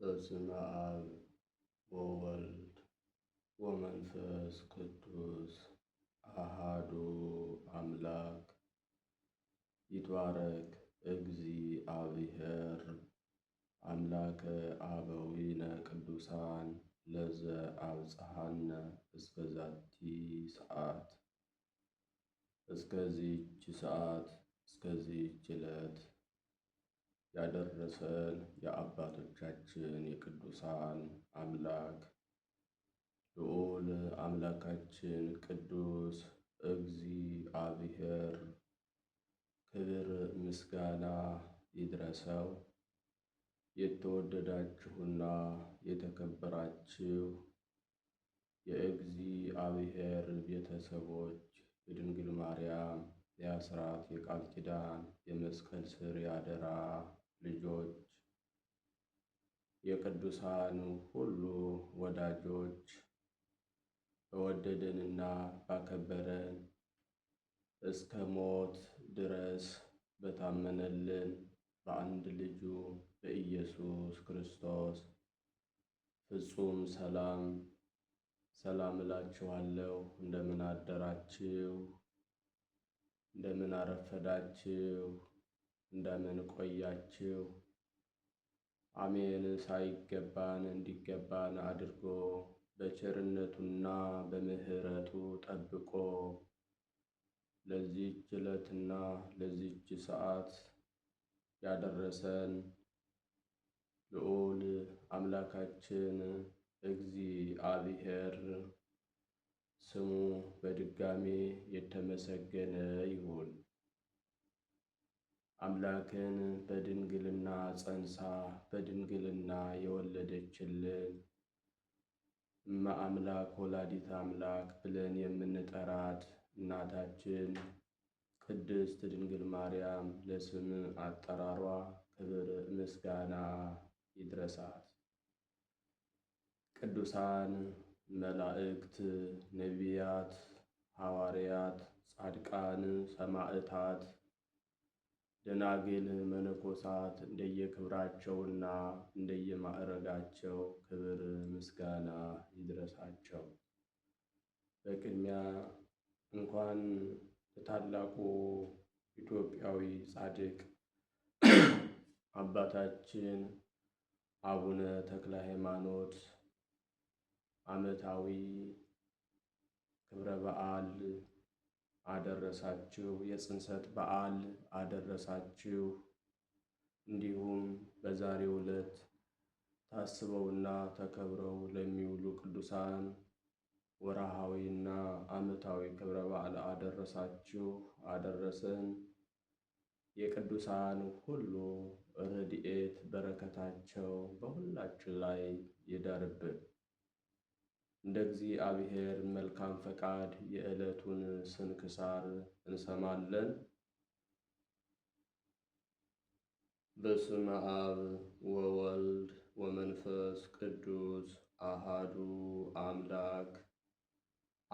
በስመ አብ ወወልድ ወመንፈስ ቅዱስ አሃዱ አምላክ ይትባረክ እግዚአብሔር አምላከ አበዊነ ቅዱሳን ለዘ አብጽሐነ እስከ ዛቲ ሰዓት እስከዚህች ሰዓት እስከዚህች ዕለት ያደረሰን የአባቶቻችን የቅዱሳን አምላክ ልዑል አምላካችን ቅዱስ እግዚአብሔር ክብር ምስጋና ይድረሰው። የተወደዳችሁና የተከበራችሁ የእግዚአብሔር ቤተሰቦች የድንግል ማርያም የአስራት የቃል ኪዳን የመስቀል ስር ያደራ ልጆች የቅዱሳኑ ሁሉ ወዳጆች በወደደንና ባከበረን እስከ ሞት ድረስ በታመነልን በአንድ ልጁ በኢየሱስ ክርስቶስ ፍጹም ሰላም ሰላም እላችኋለሁ። እንደምን አደራችሁ? እንደምን አረፈዳችሁ? እንደምን ቆያችሁ? አሜን ሳይገባን እንዲገባን አድርጎ በቸርነቱና በምሕረቱ ጠብቆ ለዚህች ዕለትና ለዚች ሰዓት ያደረሰን ልዑል አምላካችን እግዚአብሔር ስሙ በድጋሜ የተመሰገነ ይሁን። አምላክን በድንግልና ጸንሳ በድንግልና የወለደችልን እመ አምላክ ወላዲት አምላክ ብለን የምንጠራት እናታችን ቅድስት ድንግል ማርያም ለስም አጠራሯ ክብር ምስጋና ይድረሳት። ቅዱሳን መላእክት፣ ነቢያት፣ ሐዋርያት፣ ጻድቃን፣ ሰማዕታት ደናግል መነኮሳት እንደየክብራቸውና እንደየማዕረጋቸው ክብር ምስጋና ይድረሳቸው። በቅድሚያ እንኳን ለታላቁ ኢትዮጵያዊ ጻድቅ አባታችን አቡነ ተክለ ሃይማኖት ዓመታዊ ክብረ በዓል አደረሳችሁ። የጽንሰት በዓል አደረሳችሁ። እንዲሁም በዛሬው ዕለት ታስበውና ተከብረው ለሚውሉ ቅዱሳን ወርሃዊና ዓመታዊ ክብረ በዓል አደረሳችሁ አደረሰን። የቅዱሳን ሁሉ ረድኤት በረከታቸው በሁላችን ላይ ይደርብን። እንደ እግዚአብሔር መልካም ፈቃድ የዕለቱን ስንክሳር እንሰማለን። በስመ አብ ወወልድ ወመንፈስ ቅዱስ አሃዱ አምላክ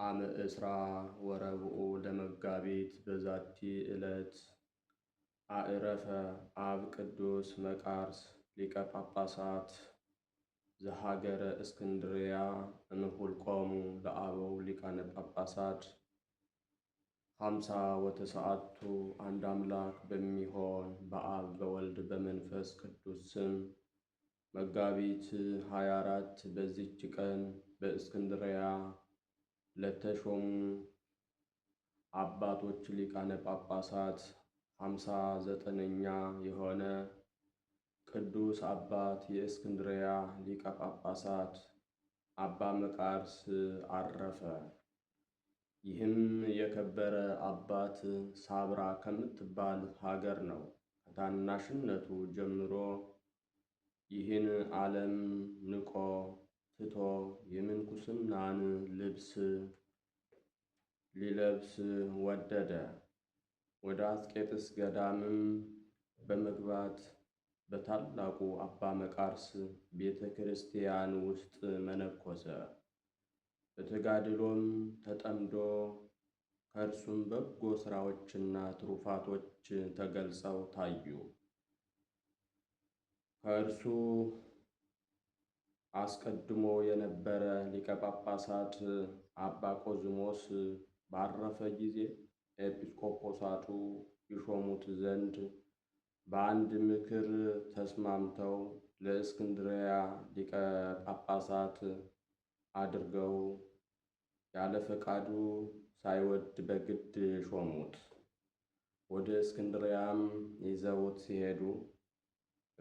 አመ እስራ ወረብኡ ለመጋቢት በዛቲ ዕለት አእረፈ አብ ቅዱስ መቃርስ ሊቀ ጳጳሳት ዘሀገረ እስክንድርያ ቆሙ ለአበው ሊቃነ ጳጳሳት ሀምሳ ወተሰዓቱ አንድ አምላክ በሚሆን በአብ በወልድ በመንፈስ ቅዱስ ስም መጋቢት 24 በዚች ቀን በእስክንድርያ ለተሾሙ አባቶች ሊቃነ ጳጳሳት ሀምሳ ዘጠነኛ የሆነ ቅዱስ አባት የእስክንድርያ ሊቀ ጳጳሳት አባ መቃርስ አረፈ። ይህም የከበረ አባት ሳብራ ከምትባል ሀገር ነው። ከታናሽነቱ ጀምሮ ይህን ዓለም ንቆ ትቶ የምንኩስናን ልብስ ሊለብስ ወደደ። ወደ አስቄጥስ ገዳምም በመግባት በታላቁ አባ መቃርስ ቤተ ክርስቲያን ውስጥ መነኮሰ። በተጋድሎም ተጠምዶ ከእርሱም በጎ ሥራዎችና ትሩፋቶች ተገልጸው ታዩ። ከእርሱ አስቀድሞ የነበረ ሊቀ ጳጳሳት አባ ቆዝሞስ ባረፈ ጊዜ ኤጲስቆጶሳቱ ይሾሙት ዘንድ በአንድ ምክር ተስማምተው ለእስክንድርያ ሊቀ ጳጳሳት አድርገው ያለ ፈቃዱ ሳይወድ በግድ ሾሙት። ወደ እስክንድርያም ይዘውት ሲሄዱ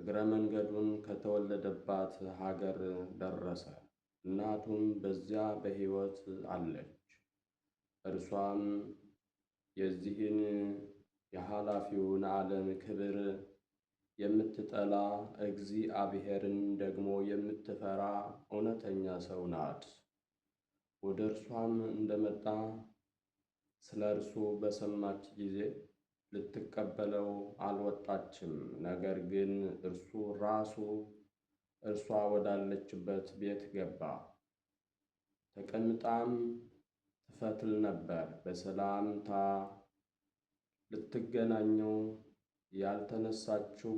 እግረ መንገዱን ከተወለደባት ሀገር ደረሰ። እናቱም በዚያ በሕይወት አለች። እርሷም የዚህን የኃላፊውን ዓለም ክብር የምትጠላ እግዚአብሔርን ደግሞ የምትፈራ እውነተኛ ሰው ናት። ወደ እርሷም እንደመጣ ስለ እርሱ በሰማች ጊዜ ልትቀበለው አልወጣችም። ነገር ግን እርሱ ራሱ እርሷ ወዳለችበት ቤት ገባ። ተቀምጣም ትፈትል ነበር። በሰላምታ ልትገናኘው ያልተነሳችው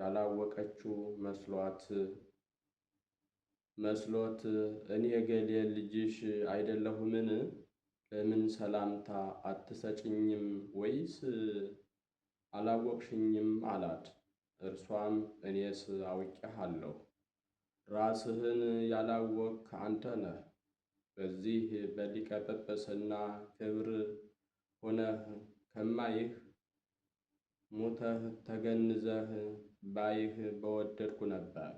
ያላወቀችው መስሏት መስሎት እኔ የገሌ ልጅሽ አይደለሁምን? ለምን ሰላምታ አትሰጭኝም ወይስ አላወቅሽኝም አላት። እርሷም እኔስ አውቄሃለሁ፣ ራስህን ያላወቅ አንተ ነህ። በዚህ በሊቀ ጵጵስና ክብር ሆነህ ከማይህ ሙተህ ተገንዘህ ባይህ በወደድኩ ነበር።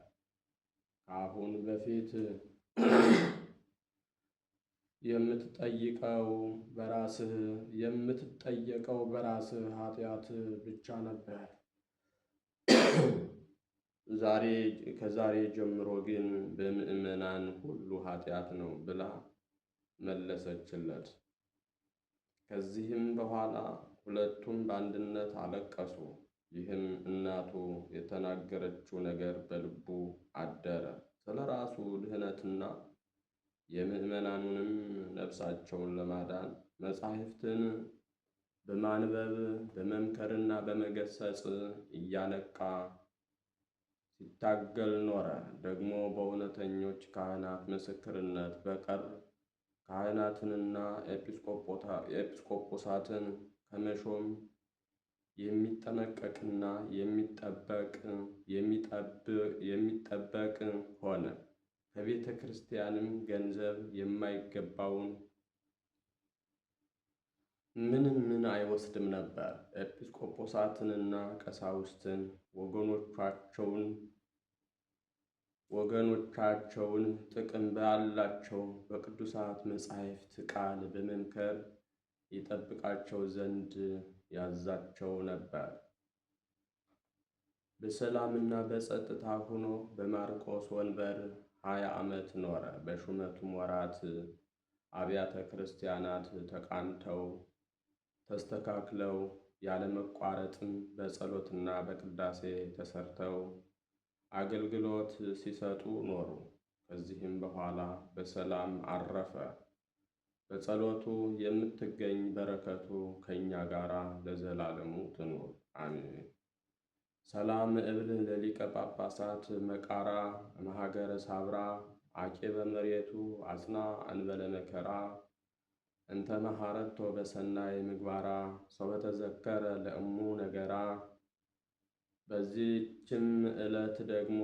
ከአሁን በፊት የምትጠይቀው በራስህ የምትጠየቀው በራስህ ኃጢአት ብቻ ነበር። ዛሬ ከዛሬ ጀምሮ ግን በምዕመናን ሁሉ ኃጢአት ነው ብላ መለሰችለት። ከዚህም በኋላ ሁለቱም በአንድነት አለቀሱ። ይህም እናቱ የተናገረችው ነገር በልቡ አደረ። ስለ ራሱ ድህነትና የምዕመናኑንም ነፍሳቸውን ለማዳን መጻሕፍትን በማንበብ በመምከርና በመገሰጽ እያነቃ ሲታገል ኖረ። ደግሞ በእውነተኞች ካህናት ምስክርነት በቀር ካህናትንና ኤጲስቆጶሳትን ከመሾም የሚጠነቀቅና የሚጠበቅ ሆነ። ከቤተ ክርስቲያንም ገንዘብ የማይገባውን ምንም ምን አይወስድም ነበር። ኤጲስቆጶሳትንና ቀሳውስትን ወገኖቻቸውን ወገኖቻቸውን ጥቅም ባላቸው በቅዱሳት መጻሕፍት ቃል በመምከር ይጠብቃቸው ዘንድ ያዛቸው ነበር። በሰላምና በጸጥታ ሆኖ በማርቆስ ወንበር ሀያ ዓመት ኖረ። በሹመቱም ወራት አብያተ ክርስቲያናት ተቃንተው ተስተካክለው ያለመቋረጥም በጸሎትና በቅዳሴ ተሰርተው አገልግሎት ሲሰጡ ኖሩ። ከዚህም በኋላ በሰላም አረፈ። በጸሎቱ የምትገኝ በረከቱ ከእኛ ጋር ለዘላለሙ ትኑር አሜን። ሰላም እብል ለሊቀ ጳጳሳት መቃራ መሃገረ ሳብራ አቄ በመሬቱ አጽና አንበለ መከራ እንተ መሐረቶ በሰናይ ምግባራ ሰው በተዘከረ ለእሙ ነገራ በዚህችም ዕለት ደግሞ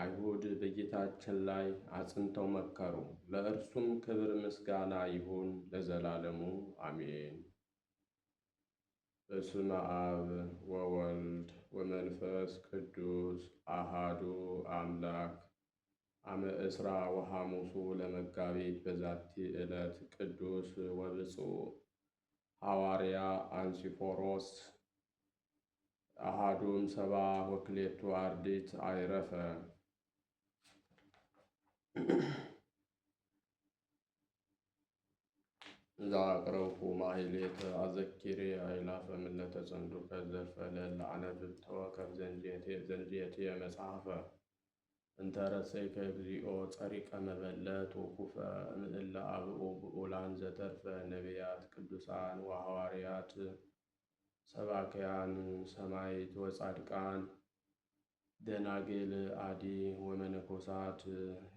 አይሁድ በጌታችን ላይ አጽንተው መከሩ። ለእርሱም ክብር ምስጋና ይሁን ለዘላለሙ አሜን። በስመ አብ ወወልድ ወመንፈስ ቅዱስ አሃዱ አምላክ አመ እስራ ወሐሙሱ ለመጋቢት በዛቲ ዕለት ቅዱስ ወብፁዕ ሐዋርያ አንሲፎሮስ አሃዱም ሰባ ወክሌቱ አርዲት አይረፈ ዛቅረውኩ ማይሌት አዘኪሬ አይላፈ ምለተ ከዘፈለ ዘፈለል አነብብተወ ከብ ዘንጀቴ መጽሐፈ እንተረሰይ እግዚኦ ጸሪቀ መበለት ወኩፈ ምእለ አብኡ ብኡላን ዘተርፈ ነቢያት ቅዱሳን ወሐዋርያት ሰባክያን ሰማይት ወጻድቃን ደናግል አዲ ወመነኮሳት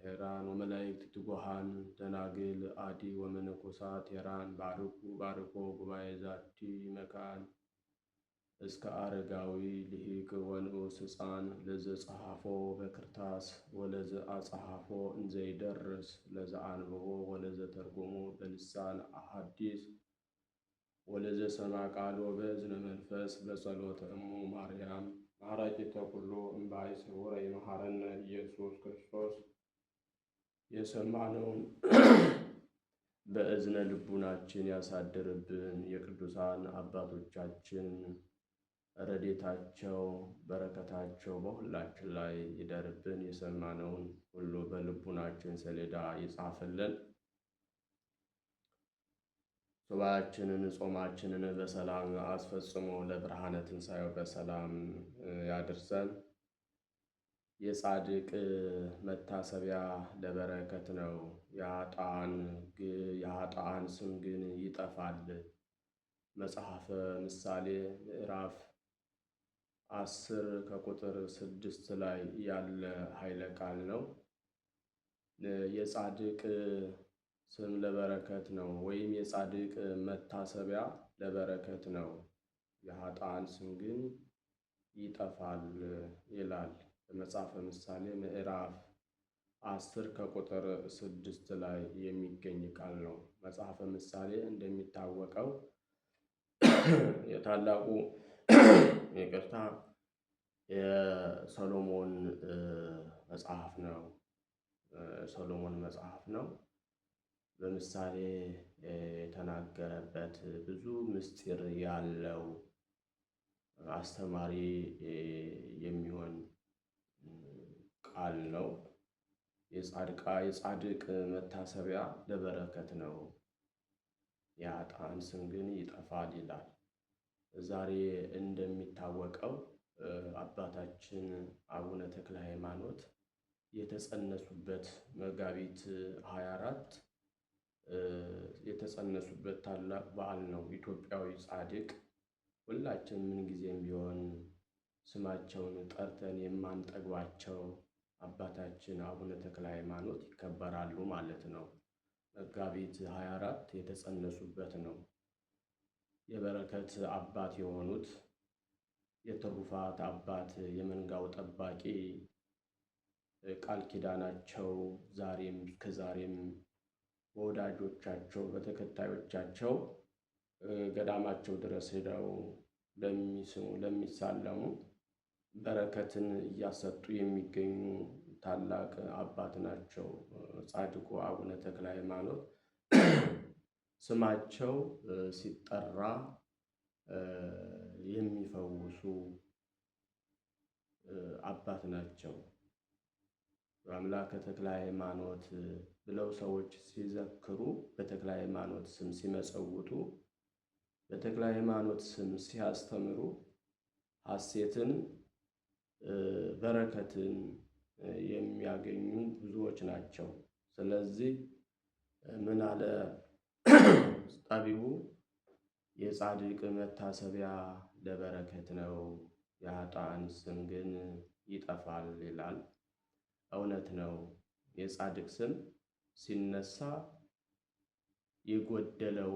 ሄራን ወመላይክት ትጉሃን ደናግል አዲ ወመነኮሳት ሄራን ባርኩ ባርኮ ጉባኤ ዛቲ መካን እስከ አረጋዊ ልሂቅ ወንዑስ ሕፃን ለዘ ጸሐፎ በክርታስ ወለዘ አጸሐፎ እንዘይደርስ ለዘ አንብቦ ወለዘ ተርጉሞ በልሳን አሐዲስ ወለዘሰማ ቃል ወበዝነ መንፈስ በጸሎተ እሙ ማርያም ማራኪተ ኩሎ እምባይ ስውረ የመሐረነ ኢየሱስ ክርስቶስ የሰማነውን በእዝነ ልቡናችን ያሳድርብን። የቅዱሳን አባቶቻችን ረዴታቸው በረከታቸው በሁላችን ላይ ይደርብን። የሰማነውን ሁሉ በልቡናችን ሰሌዳ ይጻፍልን። ሱባኤያችንን ጾማችንን በሰላም አስፈጽሞ ለብርሃነ ትንሣኤው በሰላም ያድርሰን። የጻድቅ መታሰቢያ ለበረከት ነው። የኃጥአን ስም ግን ይጠፋል። መጽሐፈ ምሳሌ ምዕራፍ አስር ከቁጥር ስድስት ላይ ያለ ኃይለ ቃል ነው። የጻድቅ ስም ለበረከት ነው፣ ወይም የጻድቅ መታሰቢያ ለበረከት ነው። የኃጥአን ስም ግን ይጠፋል ይላል በመጽሐፈ ምሳሌ ምዕራፍ አስር ከቁጥር ስድስት ላይ የሚገኝ ቃል ነው። መጽሐፈ ምሳሌ እንደሚታወቀው የታላቁ ይቅርታ የሰሎሞን መጽሐፍ ነው። ሰሎሞን መጽሐፍ ነው። በምሳሌ የተናገረበት ብዙ ምስጢር ያለው አስተማሪ የሚሆን ቃል ነው። የጻድቃ የጻድቅ መታሰቢያ ለበረከት ነው፣ የአጣን ስም ግን ይጠፋል ይላል። ዛሬ እንደሚታወቀው አባታችን አቡነ ተክለ ሃይማኖት የተጸነሱበት መጋቢት 24 የተጸነሱበት ታላቅ በዓል ነው። ኢትዮጵያዊ ጻድቅ ሁላችን ምንጊዜም ቢሆን ስማቸውን ጠርተን የማንጠግባቸው አባታችን አቡነ ተክለ ሃይማኖት ይከበራሉ ማለት ነው። መጋቢት 24 የተጸነሱበት ነው። የበረከት አባት የሆኑት የትሩፋት አባት፣ የመንጋው ጠባቂ ቃል ኪዳናቸው ዛሬም ከዛሬም ። በወዳጆቻቸው በተከታዮቻቸው ገዳማቸው ድረስ ሄደው ለሚስሙ ለሚሳለሙ በረከትን እያሰጡ የሚገኙ ታላቅ አባት ናቸው። ጻድቁ አቡነ ተክለ ሃይማኖት ስማቸው ሲጠራ የሚፈውሱ አባት ናቸው። አምላከ ተክለ ሃይማኖት ብለው ሰዎች ሲዘክሩ በተክለ ሃይማኖት ስም ሲመጸውቱ በተክለ ሃይማኖት ስም ሲያስተምሩ ሐሴትን በረከትን የሚያገኙ ብዙዎች ናቸው። ስለዚህ ምን አለ ጠቢቡ? የጻድቅ መታሰቢያ ለበረከት ነው፣ የኃጥአን ስም ግን ይጠፋል ይላል። እውነት ነው። የጻድቅ ስም ሲነሳ የጎደለው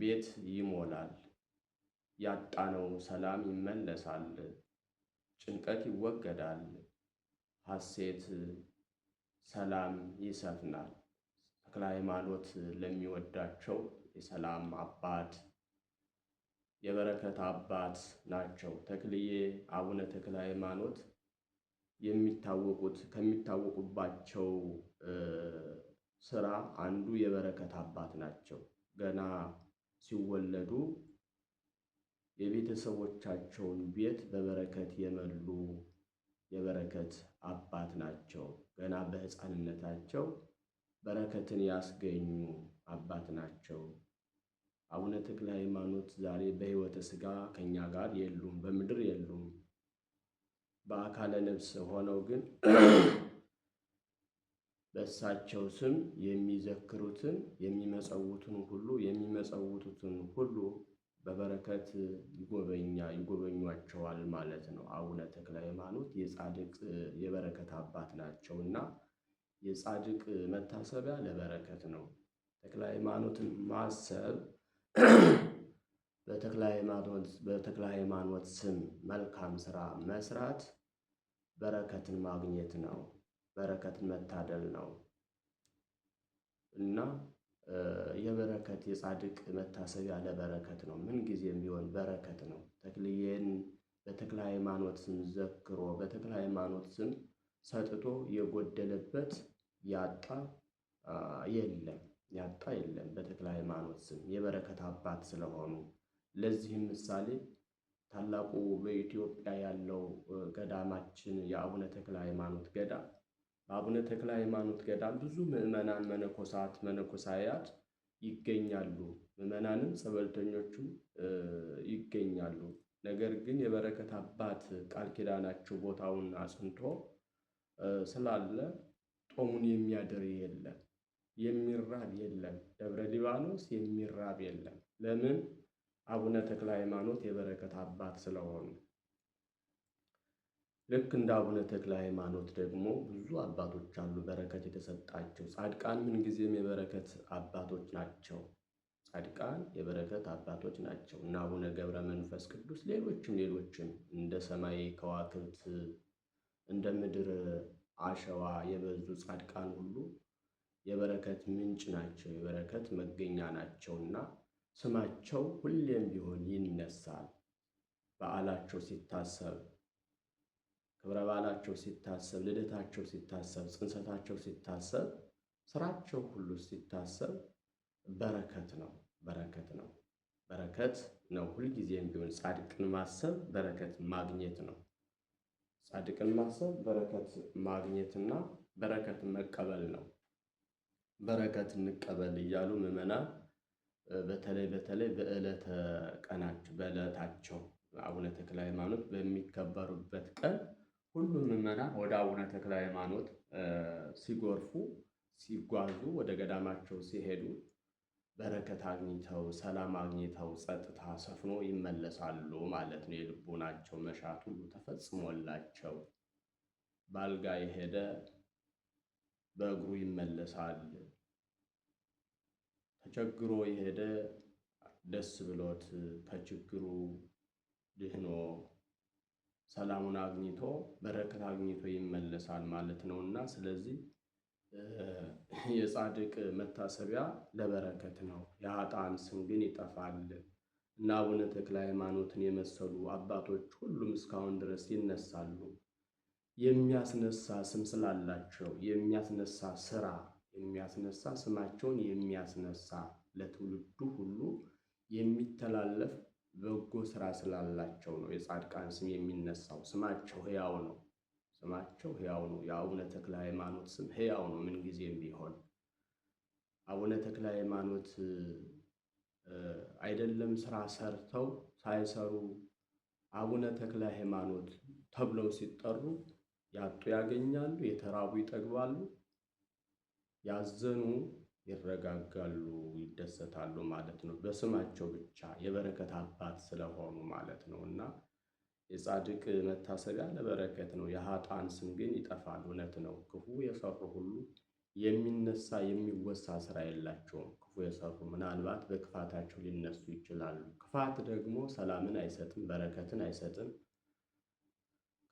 ቤት ይሞላል። ያጣነው ሰላም ይመለሳል። ጭንቀት ይወገዳል። ሐሴት፣ ሰላም ይሰፍናል። ተክለ ሃይማኖት ለሚወዳቸው የሰላም አባት የበረከት አባት ናቸው። ተክልዬ አቡነ ተክለ ሃይማኖት የሚታወቁት ከሚታወቁባቸው ስራ አንዱ የበረከት አባት ናቸው። ገና ሲወለዱ የቤተሰቦቻቸውን ቤት በበረከት የመሉ የበረከት አባት ናቸው። ገና በሕፃንነታቸው በረከትን ያስገኙ አባት ናቸው። አቡነ ተክለ ሃይማኖት ዛሬ በሕይወተ ሥጋ ከእኛ ጋር የሉም፣ በምድር የሉም። በአካለ ነፍስ ሆነው ግን በእሳቸው ስም የሚዘክሩትን የሚመጸውቱን ሁሉ የሚመጸውቱትን ሁሉ በበረከት ይጎበኛ ይጎበኟቸዋል ማለት ነው። አቡነ ተክለ ሃይማኖት የጻድቅ የበረከት አባት ናቸው እና የጻድቅ መታሰቢያ ለበረከት ነው። ተክለ ሃይማኖትን ማሰብ በተክለ ሃይማኖት ስም መልካም ስራ መስራት በረከትን ማግኘት ነው። በረከትን መታደል ነው እና የበረከት የጻድቅ መታሰቢያ ለበረከት ነው። ምን ጊዜ ቢሆን በረከት ነው። ተክልዬን በተክለ ሃይማኖት ስም ዘክሮ በተክለ ሃይማኖት ስም ሰጥቶ የጎደለበት ያጣ የለም ያጣ የለም። በተክለ ሃይማኖት ስም የበረከት አባት ስለሆኑ ለዚህም ምሳሌ ታላቁ በኢትዮጵያ ያለው ገዳማችን የአቡነ ተክለ ሃይማኖት ገዳም በአቡነ ተክለ ሃይማኖት ገዳም ብዙ ምዕመናን መነኮሳት፣ መነኮሳያት ይገኛሉ። ምዕመናንም ጸበልተኞቹም ይገኛሉ። ነገር ግን የበረከት አባት ቃል ኪዳናቸው ቦታውን አጽንቶ ስላለ ጦሙን የሚያድር የለም፣ የሚራብ የለም፣ ደብረ ሊባኖስ የሚራብ የለም። ለምን? አቡነ ተክለ ሃይማኖት የበረከት አባት ስለሆኑ ልክ እንደ አቡነ ተክለ ሃይማኖት ደግሞ ብዙ አባቶች አሉ፣ በረከት የተሰጣቸው ጻድቃን ምንጊዜም የበረከት አባቶች ናቸው። ጻድቃን የበረከት አባቶች ናቸው እና አቡነ ገብረ መንፈስ ቅዱስ ሌሎችም ሌሎችም እንደ ሰማይ ከዋክብት እንደ ምድር አሸዋ የበዙ ጻድቃን ሁሉ የበረከት ምንጭ ናቸው፣ የበረከት መገኛ ናቸው እና ስማቸው ሁሌም ቢሆን ይነሳል በዓላቸው ሲታሰብ ክብረ በዓላቸው ሲታሰብ፣ ልደታቸው ሲታሰብ፣ ጽንሰታቸው ሲታሰብ፣ ስራቸው ሁሉ ሲታሰብ በረከት ነው። በረከት ነው። በረከት ነው። ሁልጊዜም ቢሆን ጻድቅን ማሰብ በረከት ማግኘት ነው። ጻድቅን ማሰብ በረከት ማግኘትና በረከት መቀበል ነው። በረከት እንቀበል እያሉ ምዕመናን በተለይ በተለይ በዕለተ ቀናቸው በዕለታቸው አቡነ ተክለ ሃይማኖት በሚከበሩበት ቀን ሁሉም ምዕመናን ወደ አቡነ ተክለ ሃይማኖት ሲጎርፉ ሲጓዙ ወደ ገዳማቸው ሲሄዱ በረከት አግኝተው ሰላም አግኝተው ጸጥታ ሰፍኖ ይመለሳሉ ማለት ነው። የልቦናቸው መሻት ሁሉ ተፈጽሞላቸው ባልጋ የሄደ በእግሩ ይመለሳል። ተቸግሮ የሄደ ደስ ብሎት ከችግሩ ድህኖ ሰላሙን አግኝቶ በረከት አግኝቶ ይመለሳል ማለት ነው እና ስለዚህ የጻድቅ መታሰቢያ ለበረከት ነው፣ የኃጥአን ስም ግን ይጠፋል እና አቡነ ተክለ ሃይማኖትን የመሰሉ አባቶች ሁሉም እስካሁን ድረስ ይነሳሉ። የሚያስነሳ ስም ስላላቸው የሚያስነሳ ስራ የሚያስነሳ ስማቸውን የሚያስነሳ ለትውልዱ ሁሉ የሚተላለፍ በጎ ስራ ስላላቸው ነው የጻድቃን ስም የሚነሳው። ስማቸው ሕያው ነው። ስማቸው ሕያው ነው። የአቡነ ተክለ ሃይማኖት ስም ሕያው ነው ምንጊዜም ቢሆን። አቡነ ተክለ ሃይማኖት አይደለም ስራ ሰርተው ሳይሰሩ አቡነ ተክለ ሃይማኖት ተብለው ሲጠሩ ያጡ ያገኛሉ፣ የተራቡ ይጠግባሉ፣ ያዘኑ ይረጋጋሉ፣ ይደሰታሉ ማለት ነው። በስማቸው ብቻ የበረከት አባት ስለሆኑ ማለት ነው እና የጻድቅ መታሰቢያ ለበረከት ነው። የሀጣን ስም ግን ይጠፋል። እውነት ነው። ክፉ የሰሩ ሁሉ የሚነሳ የሚወሳ ስራ የላቸውም። ክፉ የሰሩ ምናልባት በክፋታቸው ሊነሱ ይችላሉ። ክፋት ደግሞ ሰላምን አይሰጥም፣ በረከትን አይሰጥም።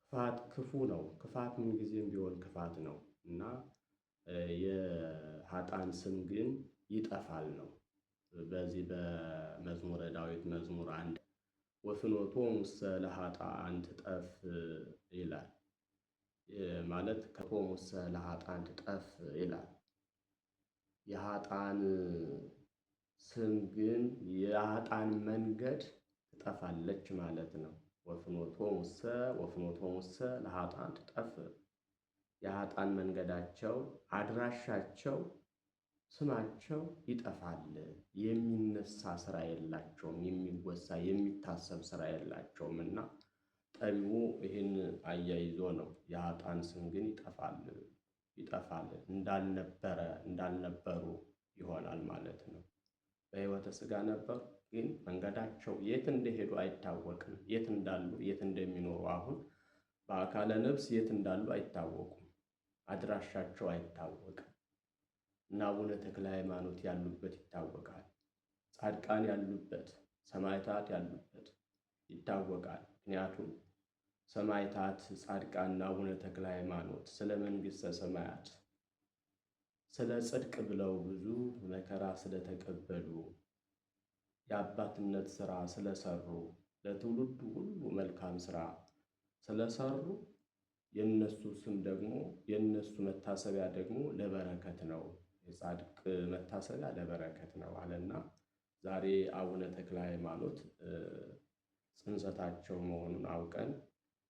ክፋት ክፉ ነው። ክፋት ምንጊዜም ቢሆን ክፋት ነው እና የሀጣን ስም ግን ይጠፋል ነው። በዚህ በመዝሙረ ዳዊት መዝሙር አንድ ወፍኖቶ ሙሰ ለሀጣ አንትጠፍ ይላል ማለት ከቶ ሙሰ ለሀጣ አንትጠፍ ይላል። የሀጣን ስም ግን የሀጣን መንገድ ትጠፋለች ማለት ነው። ወፍኖቶ ሙሰ ወፍኖቶ ሙሰ ለሀጣን ትጠፍ የኃጥአን መንገዳቸው አድራሻቸው ስማቸው ይጠፋል። የሚነሳ ስራ የላቸውም፣ የሚወሳ የሚታሰብ ስራ የላቸውም። እና ጠቢቡ ይህን አያይዞ ነው የኃጥአን ስም ግን ይጠፋል ይጠፋል እንዳልነበረ እንዳልነበሩ ይሆናል ማለት ነው። በሕይወተ ሥጋ ነበር፣ ግን መንገዳቸው የት እንደሄዱ አይታወቅም። የት እንዳሉ የት እንደሚኖሩ አሁን በአካለ ነፍስ የት እንዳሉ አይታወቁም። አድራሻቸው አይታወቅም እና አቡነ ተክለ ሃይማኖት ያሉበት ይታወቃል። ጻድቃን ያሉበት፣ ሰማዕታት ያሉበት ይታወቃል። ምክንያቱም ሰማዕታት፣ ጻድቃንና አቡነ ተክለ ሃይማኖት ስለ መንግሥተ ሰማያት ስለ ጽድቅ ብለው ብዙ መከራ ስለተቀበሉ የአባትነት ስራ ስለሰሩ ለትውልዱ ሁሉ መልካም ስራ ስለሰሩ የነሱ ስም ደግሞ የነሱ መታሰቢያ ደግሞ ለበረከት ነው፣ የጻድቅ መታሰቢያ ለበረከት ነው አለና ዛሬ አቡነ ተክለ ሃይማኖት ጽንሰታቸው መሆኑን አውቀን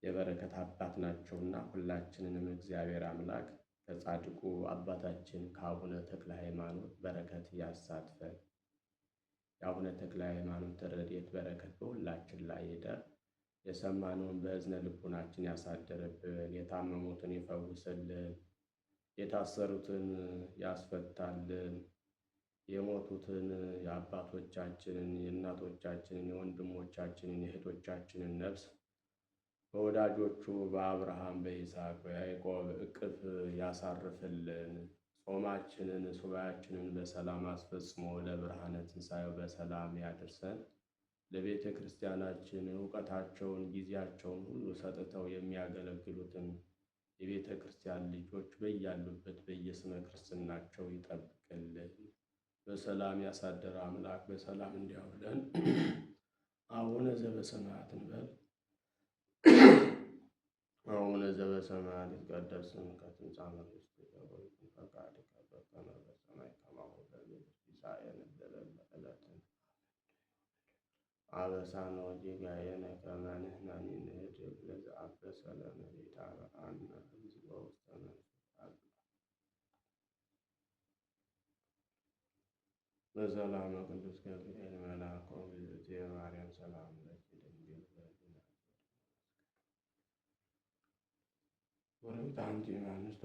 የበረከት አባት ናቸውና ሁላችንንም እግዚአብሔር አምላክ ከጻድቁ አባታችን ከአቡነ ተክለ ሃይማኖት በረከት ያሳትፈን። የአቡነ ተክለ ሃይማኖት ረድኤት በረከት በሁላችን ላይ ይደር። የሰማነውን በእዝነ ልቡናችን ያሳደርብን፣ የታመሙትን ይፈውስልን፣ የታሰሩትን ያስፈታልን፣ የሞቱትን የአባቶቻችንን፣ የእናቶቻችንን፣ የወንድሞቻችንን፣ የእህቶቻችንን ነፍስ በወዳጆቹ በአብርሃም በይስሐቅ በያዕቆብ እቅፍ ያሳርፍልን። ጾማችንን ሱባያችንን በሰላም አስፈጽሞ ለብርሃነ ትንሣኤው በሰላም ያድርሰን። ለቤተ ክርስቲያናችን እውቀታቸውን፣ ጊዜያቸውን ሁሉ ሰጥተው የሚያገለግሉትን የቤተ ክርስቲያን ልጆች በያሉበት በየስመ ክርስትናቸው ይጠብቅልን። በሰላም ያሳደረ አምላክ በሰላም እንዲያውለን። አቡነ ዘበሰማያት እንበል። አቡነ ዘበሰማያት ይትቀደስ ስምከ ትምጻእ መንግሥትከ ወይኩን ፈቃድከ በከመ በሰማይ ከማሁ በምድር ሲሳየነ ዘለለ ዕለትነ አበሳነ ወጌጋየነ ከመ ንሕነኒ ንኅድግ ለዘአበሰ ለመሬት አበአነ እግዚኦ ውስተ መንሱት አጽብዓ በሰላም ቅዱስ ገብርኤል መልአኮ ብዝእትየ ማርያም ሰላም ለኪ ድንግል ወረብታንቲ ማንስቶ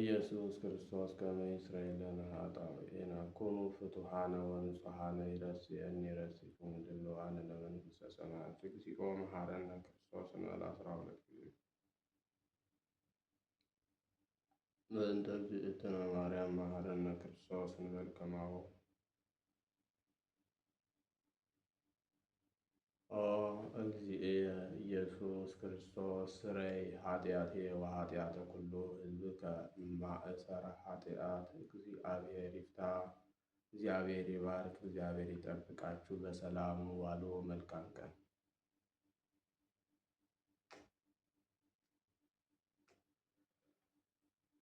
ኢየሱስ ክርስቶስ ከመ ይስረይ ለነ ኃጣውኢነ ኩኑ ፍቱሓነ ወንጹሓነ ይረሲየኒ ረሲኩሙ ድልዋነ ለመንግሥተ ሰማያት እግዚኦ መሐረነ ክርስቶስ እንበል አስራ ሁለት ጊዜ በእንተ እግዝእትነ ማርያም መሐረነ ክርስቶስ እንበል ከማሁ ኦ እግዚእየ ኢየሱስ ክርስቶስ ስረይ ኃጢአቴ ወኃጢአተ ኩሉ ሕዝብ ከማእሰረ ኃጢአት እግዚአብሔር ይፍታ። እግዚአብሔር ይባርክ፣ እግዚአብሔር ይጠብቃችሁ። በሰላም ዋሉ። መልካም ቀን